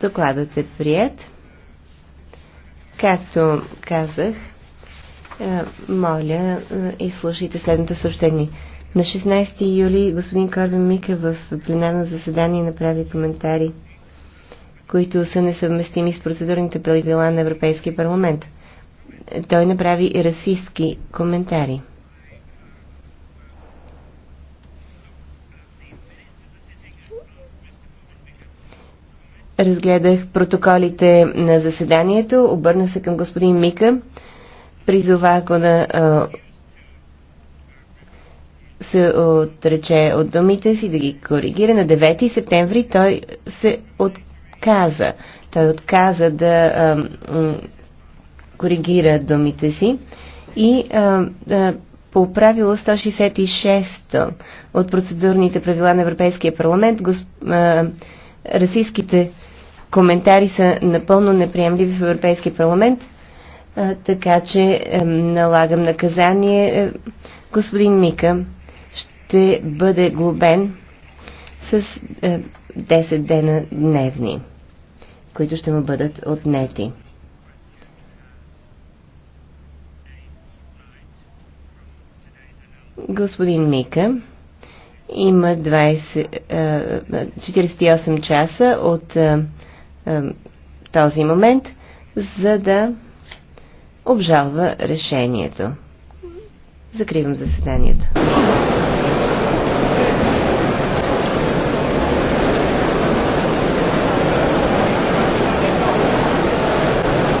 Докладът е прият. Както казах, е, моля, е, изслушайте следното съобщение. На 16 юли господин Корбин Мика в пленарно заседание направи коментари, които са несъвместими с процедурните правила на Европейския парламент. Той направи расистски коментари. Разгледах протоколите на заседанието, обърна се към господин Мика, призова ако да а, се отрече от думите си, да ги коригира. На 9 септември той се отказа. Той отказа да а, коригира думите си и а, да по правило 166 от процедурните правила на Европейския парламент госп... а, расистските коментари са напълно неприемливи в Европейския парламент, така че налагам наказание. Е, господин Мика ще бъде глобен с 10 е, дена дневни, които ще му бъдат отнети. Господин Мика има 20, 48 е, часа от този момент, за да обжалва решението. Закривам заседанието.